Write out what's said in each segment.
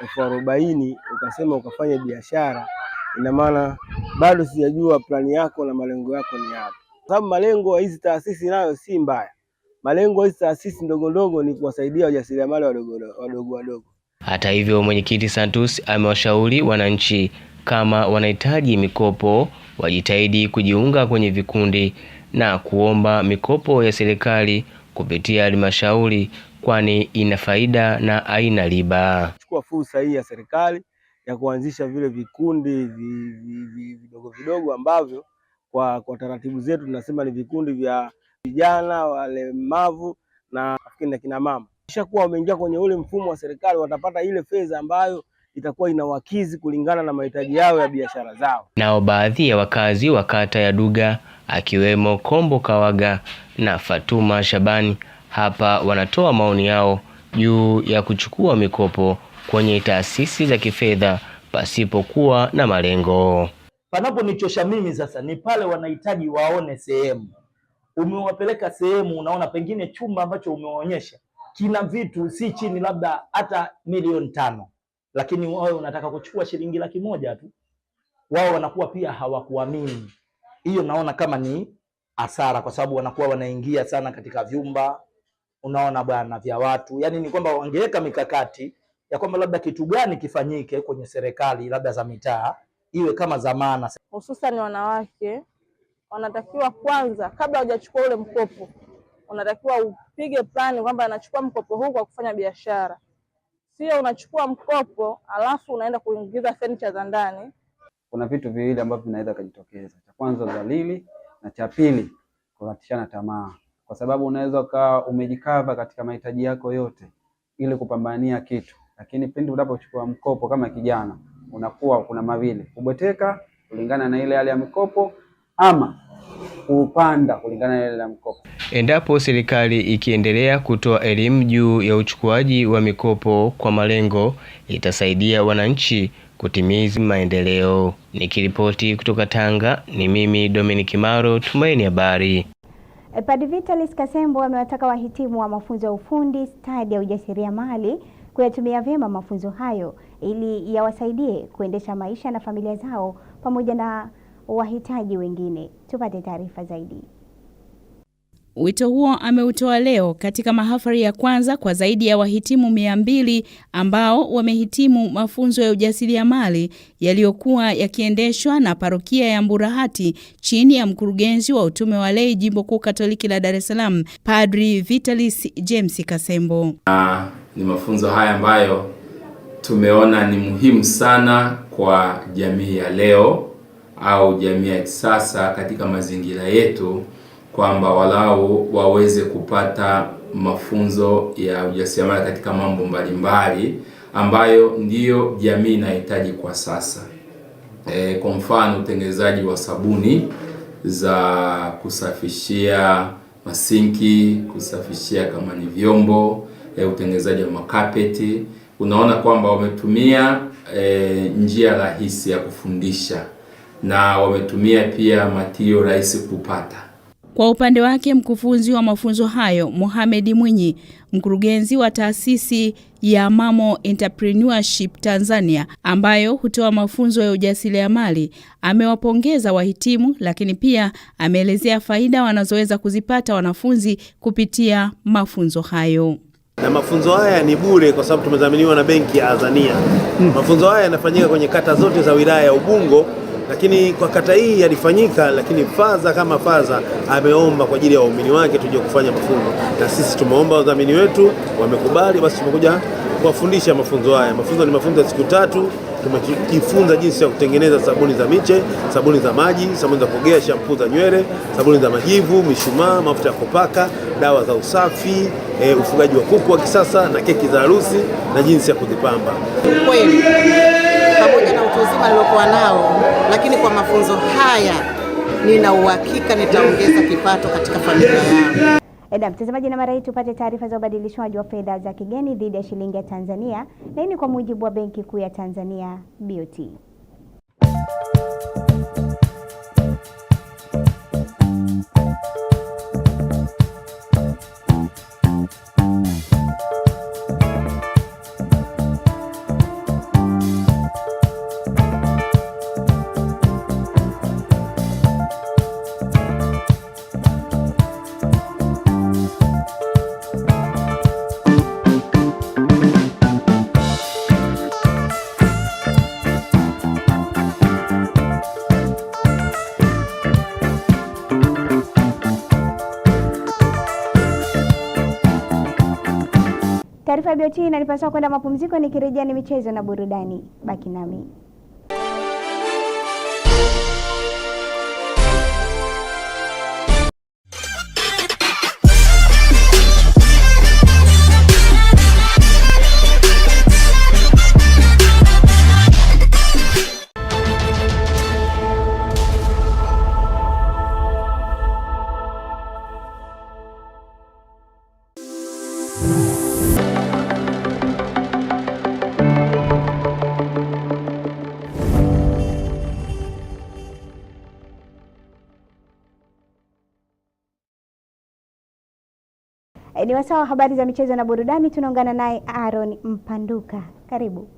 elfu arobaini ukasema ukafanya biashara, ina maana bado sijajua plani yako na malengo yako ni yapi, kwa sababu malengo ya hizi taasisi nayo si mbaya. Malengo ya hizi taasisi ndogo ndogo ni kuwasaidia wajasiriamali wadogo wadogo wadogo. Hata hivyo, mwenyekiti Santus amewashauri wananchi kama wanahitaji mikopo wajitahidi kujiunga kwenye vikundi na kuomba mikopo ya serikali kupitia halmashauri, kwani ina faida na haina riba. Chukua fursa hii ya serikali ya kuanzisha vile vikundi vidogo vidogo ambavyo kwa, kwa taratibu zetu tunasema ni vikundi vya vijana walemavu na na kina mama. kuwa wameingia kwenye ule mfumo wa serikali, watapata ile fedha ambayo itakuwa inawakizi kulingana na mahitaji yao ya biashara zao. Nao baadhi ya wakazi wa kata ya Duga akiwemo Kombo Kawaga na Fatuma Shabani. Hapa wanatoa maoni yao juu ya kuchukua mikopo kwenye taasisi za kifedha pasipokuwa na malengo. Panaponichosha mimi sasa ni pale wanahitaji waone sehemu, umewapeleka sehemu, unaona pengine chumba ambacho umewaonyesha kina vitu si chini labda hata milioni tano, lakini wao unataka kuchukua shilingi laki moja tu, wao wanakuwa pia hawakuamini hiyo naona kama ni hasara, kwa sababu wanakuwa wanaingia sana katika vyumba, unaona bwana, vya watu. Yani ni kwamba wangeweka mikakati ya kwamba labda kitu gani kifanyike kwenye serikali labda za mitaa, iwe kama zamana. Hususan wanawake wanatakiwa kwanza, kabla hujachukua ule mkopo, unatakiwa upige plani kwamba anachukua mkopo huu kwa kufanya biashara, sio unachukua mkopo alafu unaenda kuingiza fenicha za ndani kuna vitu viwili ambavyo vinaweza kujitokeza. Cha kwanza dalili, na cha pili kukatishana tamaa, kwa sababu unaweza ukawa umejikava katika mahitaji yako yote ili kupambania kitu, lakini pindi unapochukua mkopo kama kijana, unakuwa kuna mawili, kubweteka kulingana na ile hali ya mkopo ama kupanda kulingana na ile ya mkopo. Endapo serikali ikiendelea kutoa elimu juu ya uchukuaji wa mikopo kwa malengo, itasaidia wananchi kutimiza maendeleo. Nikiripoti kutoka Tanga ni mimi Dominic Maro, Tumaini Habari. E, Vitalis Kasembo amewataka wahitimu wa mafunzo ya ufundi stadi ya ujasiriamali kuyatumia vyema mafunzo hayo ili yawasaidie kuendesha maisha na familia zao pamoja na wahitaji wengine. Tupate taarifa zaidi. Wito huo ameutoa leo katika mahafali ya kwanza kwa zaidi ya wahitimu mia mbili ambao wamehitimu mafunzo ya ujasiriamali yaliyokuwa yakiendeshwa na parokia ya Mburahati chini ya mkurugenzi wa utume wa lei Jimbo Kuu Katoliki la Dar es Salaam, Padri Vitalis James Kasembo. Na, ni mafunzo haya ambayo tumeona ni muhimu sana kwa jamii ya leo au jamii ya kisasa katika mazingira yetu kwamba walau waweze kupata mafunzo ya ujasiriamali katika mambo mbalimbali ambayo ndiyo jamii inahitaji kwa sasa. E, kwa mfano utengenezaji wa sabuni za kusafishia masinki, kusafishia kama ni vyombo e, utengenezaji wa makapeti. Unaona kwamba wametumia e, njia rahisi ya kufundisha na wametumia pia matio rahisi kupata kwa upande wake mkufunzi wa mafunzo hayo Mohamed Mwinyi, mkurugenzi wa taasisi ya Mamo Entrepreneurship Tanzania ambayo hutoa mafunzo ya ujasiriamali, amewapongeza wahitimu, lakini pia ameelezea faida wanazoweza kuzipata wanafunzi kupitia mafunzo hayo. Na mafunzo haya ni bure kwa sababu tumedhaminiwa na benki ya Azania. Hmm. Mafunzo haya yanafanyika kwenye kata zote za wilaya ya Ubungo lakini kwa kata hii yalifanyika, lakini Faza kama Faza ameomba kwa ajili ya waumini wake tuje kufanya mafunzo, na sisi tumeomba wadhamini wetu wamekubali, basi tumekuja kuwafundisha mafunzo haya. Mafunzo ni mafunzo ya siku tatu. Tumejifunza jinsi ya kutengeneza sabuni za miche, sabuni za maji, sabuni za kogea, shampuu za nywele, sabuni za majivu, mishumaa, mafuta ya kupaka, dawa za usafi, e, ufugaji wa kuku wa kisasa na keki za harusi na jinsi ya kuzipamba. Kweli uhasama niliokuwa nao, lakini kwa mafunzo haya nina uhakika nitaongeza kipato katika familia yangu. Eda mtazamaji, na mara hii tupate taarifa za ubadilishwaji wa fedha za kigeni dhidi ya shilingi ya Tanzania, na hii ni kwa mujibu wa Benki Kuu ya Tanzania BOT. taarifa ya BOT kwenda mapumziko, nikirejea ni michezo na burudani. Baki nami. Ni wasaa wa habari za michezo na burudani, tunaungana naye Aaron Mpanduka, karibu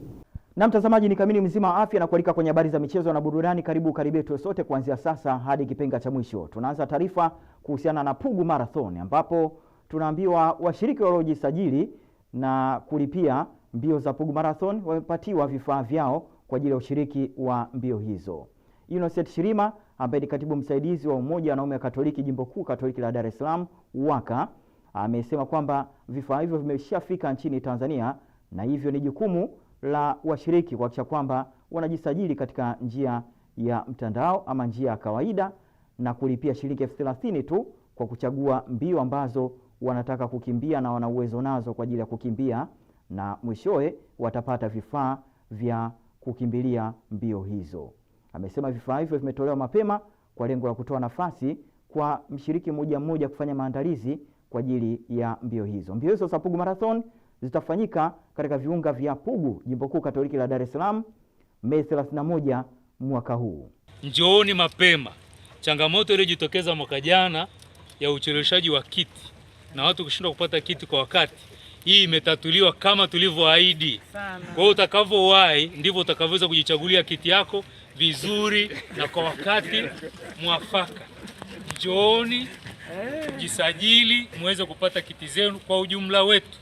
na mtazamaji ni kamili mzima wa afya na kualika kwenye habari za michezo na burudani. Karibu karibie tu sote kuanzia sasa hadi kipenga cha mwisho. Tunaanza taarifa kuhusiana na Pugu Marathon ambapo tunaambiwa washiriki waliojisajili na kulipia mbio za Pugu Marathon wamepatiwa vifaa vyao kwa ajili ya ushiriki wa mbio hizo. Innocent Shirima ambaye ni katibu msaidizi wa Umoja wa Wanaume wa Katoliki Jimbo Kuu Katoliki la Dar es Salaam UWAKA amesema kwamba vifaa hivyo vimeshafika nchini Tanzania na hivyo ni jukumu la washiriki kuhakikisha kwamba wanajisajili katika njia ya mtandao ama njia ya kawaida na kulipia shilingi elfu thelathini tu kwa kuchagua mbio ambazo wanataka kukimbia na wana uwezo nazo kwa ajili ya kukimbia, na mwishowe watapata vifaa vya kukimbilia mbio hizo. Amesema vifaa hivyo vimetolewa mapema kwa lengo la kutoa nafasi kwa mshiriki mmoja mmoja kufanya maandalizi kwa ajili ya mbio hizo. Mbio hizo za Pugu Marathon zitafanyika katika viunga vya Pugu, jimbo kuu katoliki la Dar es Salaam, Mei 31 mwaka huu. Njooni mapema. Changamoto iliyojitokeza mwaka jana ya ucheleweshaji wa kiti na watu kushindwa kupata kiti kwa wakati, hii imetatuliwa kama tulivyoahidi. Kwa hiyo utakavyowahi ndivyo utakavyoweza kujichagulia kiti yako vizuri na kwa wakati mwafaka. Njooni tujisajili muweze kupata kiti zenu kwa ujumla wetu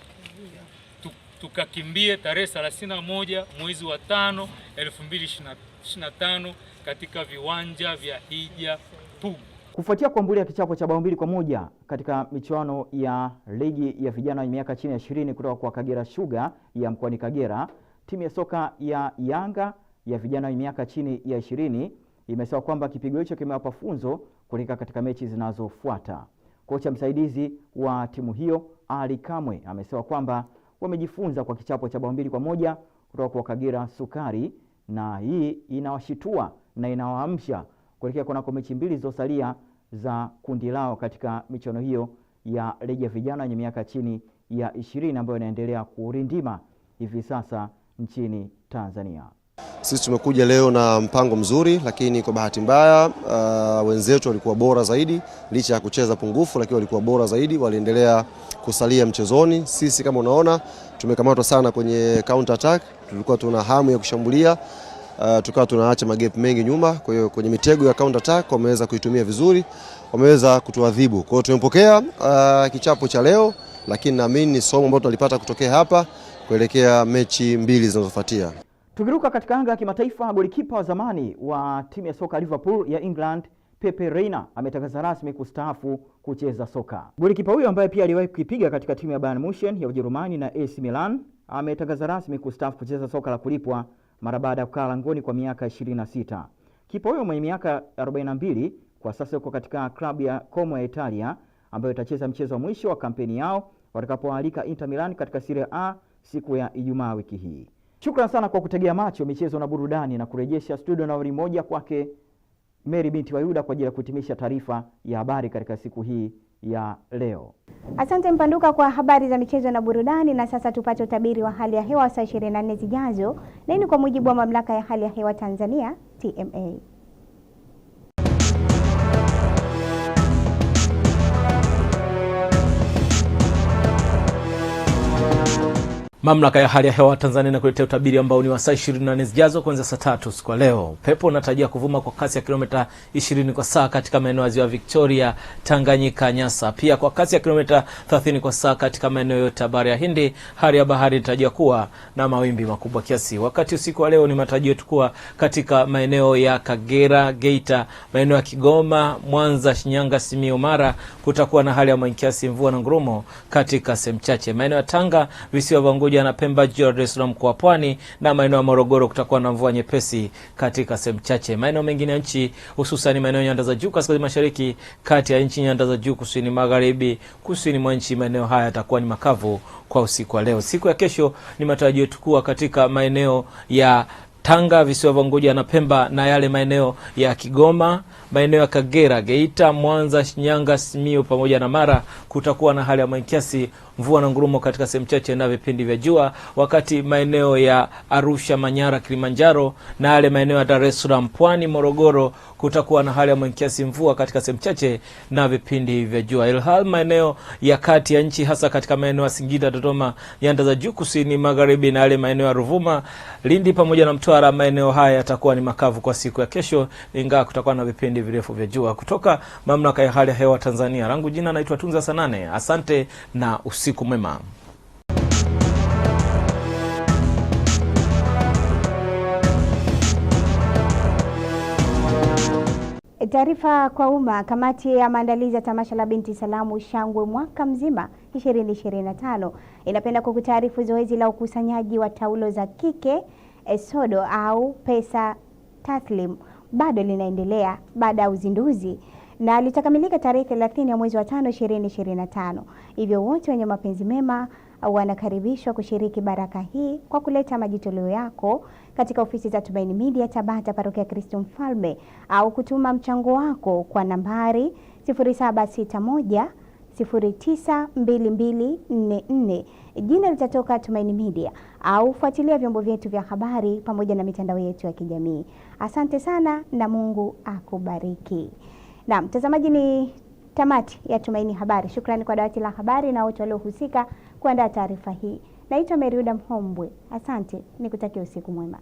tukakimbie tarehe 31 mwezi wa tano 2025 katika viwanja vya Hija Pugu. Kufuatia kuambulia kichapo cha bao mbili kwa moja katika michuano ya ligi ya vijana wenye miaka chini ya ishirini kutoka kwa Kagera Sugar ya mkoani Kagera, timu ya soka ya Yanga ya vijana wenye miaka chini ya ishirini imesema kwamba kipigo hicho kimewapa funzo kulika katika mechi zinazofuata. Kocha msaidizi wa timu hiyo Ali Kamwe amesema kwamba wamejifunza kwa kichapo cha bao mbili kwa moja kutoka kwa Kagera Sukari, na hii inawashitua na inawaamsha kuelekea kunako mechi mbili zilizosalia za kundi lao katika michuano hiyo ya ligi ya vijana wenye miaka chini ya ishirini ambayo inaendelea kurindima hivi sasa nchini Tanzania. Sisi tumekuja leo na mpango mzuri, lakini kwa bahati mbaya uh, wenzetu walikuwa bora zaidi, licha ya kucheza pungufu, lakini walikuwa bora zaidi, waliendelea kusalia mchezoni. Sisi kama unaona tumekamatwa sana kwenye counter attack, tulikuwa tuna hamu ya kushambulia Uh, tukawa tunaacha magap mengi nyuma. Kwa hiyo kwenye mitego ya counter attack wameweza kuitumia vizuri, wameweza kutuadhibu. Kwa hiyo tumepokea uh, kichapo cha leo, lakini naamini ni somo ambalo tunalipata kutokea hapa kuelekea mechi mbili zinazofuatia. Tukiruka katika anga ya kimataifa, golikipa wa zamani wa timu ya soka Liverpool ya England Pepe Reina ametangaza rasmi kustaafu kucheza soka. Golikipa huyo ambaye pia aliwahi kuipiga katika timu ya Bayern Munchen ya Ujerumani na AC Milan ametangaza rasmi kustaafu kucheza soka la kulipwa mara baada ya kukaa langoni kwa miaka 26. Kipa huyo mwenye miaka 42 kwa sasa yuko katika klabu ya Como ya Italia ambayo itacheza mchezo wa mwisho wa kampeni yao watakapoalika Inter Milan katika Serie A siku ya Ijumaa wiki hii. Shukran sana kwa kutegea macho michezo na burudani, na kurejesha studio nambari moja kwake Mary binti wa Yuda kwa ajili ya kuhitimisha taarifa ya habari katika siku hii ya leo. Asante Mpanduka kwa habari za michezo na burudani. Na sasa tupate utabiri wa hali ya hewa saa 24 zijazo. Nini kwa mujibu wa mamlaka ya hali ya hewa Tanzania TMA. Mamlaka ya hali ya hewa Tanzania inakuletea utabiri ambao ni wa saa 24 zijazo kuanzia saa tatu usiku wa leo. Upepo unatarajia kuvuma kwa kasi ya kilomita 20 kwa saa katika maeneo ya ziwa Victoria, Tanganyika, Nyasa, pia kwa kasi ya kilomita 30 kwa saa katika maeneo yote ya bahari ya Hindi. Hali ya bahari inatarajia kuwa na mawimbi makubwa kiasi. Wakati usiku wa leo ni matarajio yetu kuwa katika maeneo ya Kagera, Geita, maeneo ya Kigoma, Mwanza, Shinyanga, Simiyu, Mara kutakuwa na hali ya mawingu kiasi, mvua na ngurumo katika sehemu chache. Maeneo ya Tanga, visiwa vya Unguja pamoja na Pemba, jiji la Dar es Salaam kwa pwani na maeneo ya Morogoro kutakuwa na mvua nyepesi katika sehemu chache. Maeneo mengine ya nchi hususan maeneo nyanda za juu kaskazini mashariki, kati ya nchi nyanda za juu kusini magharibi, kusini mwa nchi, maeneo haya yatakuwa ni makavu kwa usiku wa leo. Siku ya kesho ni matarajio tukua katika maeneo ya Tanga, visiwa vya Unguja na Pemba na yale maeneo ya Kigoma maeneo ya Kagera, Geita, Mwanza, Shinyanga, Simiyu pamoja na Mara kutakuwa na hali ya maikiasi, mvua na ngurumo katika sehemu chache na vipindi vya jua, wakati maeneo ya Arusha, Manyara, Kilimanjaro na yale maeneo ya Dar es Salaam, Pwani, Morogoro kutakuwa na hali ya maikiasi, mvua katika sehemu chache na vipindi vya jua, ilhal maeneo ya kati ya nchi hasa katika maeneo ya Singida, Dodoma, nyanda za juu kusini magharibi na yale maeneo ya Ruvuma, Lindi pamoja na Mtwara, maeneo haya yatakuwa ni makavu kwa siku ya kesho, ingawa kutakuwa na vipindi virefu vya jua kutoka mamlaka ya hali ya hewa Tanzania. Langu jina naitwa Tunza Sanane, asante na usiku mwema. E, taarifa kwa umma. Kamati ya maandalizi ya tamasha la Binti Salamu Shangwe mwaka mzima 2025 inapenda kukutaarifu zoezi la ukusanyaji wa taulo za kike esodo au pesa taslimu bado linaendelea baada ya uzinduzi na litakamilika tarehe 30 ya mwezi wa 5 2025. Hivyo wote wenye mapenzi mema uh, wanakaribishwa kushiriki baraka hii kwa kuleta majitoleo yako katika ofisi za Tumaini Media Tabata, parokia ya Kristo Mfalme, au kutuma mchango wako kwa nambari 0761092244 jina litatoka Tumaini Media, au fuatilia vyombo vyetu vya habari pamoja na mitandao yetu ya kijamii. Asante sana na Mungu akubariki. Na mtazamaji, ni tamati ya Tumaini Habari. Shukrani kwa dawati la habari na wote waliohusika kuandaa taarifa hii. Naitwa Meriuda Mhombwe, asante, nikutakia usiku mwema.